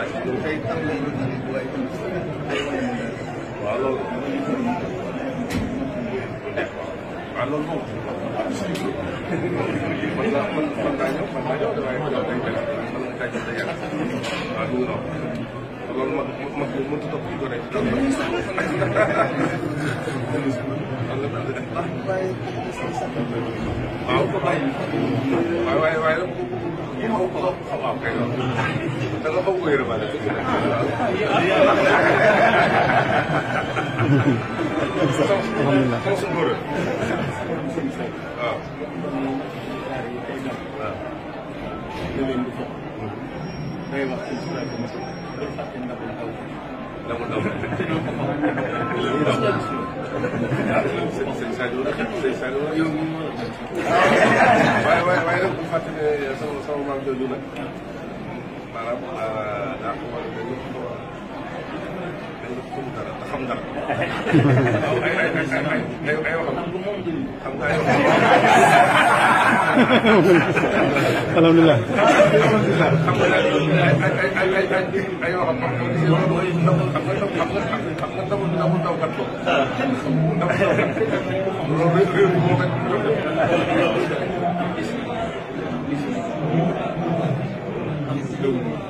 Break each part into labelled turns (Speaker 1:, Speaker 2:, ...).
Speaker 1: laaj tey tax na ñu ne bu ay waaw loolu. waaw loolu moom. man laa man man laa ñëw man laa ñëw waaye man laa koy jëlee man laa koy jëlee yàlla. waaw du loolu. loolu mag mag bi mënut a topp ci góor yi. waaw waaw waaye waaye waaw kay dama xaw a yërëmaale. alhamdulilah sama suñu góor waaw. waaw. waaye waaye waaye nag bu fàttali sama sama maam jooju nag xam dara. ay ay ay ay ay waxam. xam nga ay waxam. alhamdulilah. xam nga ay ay ay ay ay waxam. xam nga ndaw ndaw ndaw kat ko. ndaw ndaw kat loolu réew mi moo koy.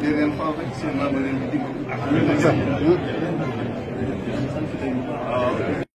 Speaker 1: di leen faaw rek seen maam leen di dimbali.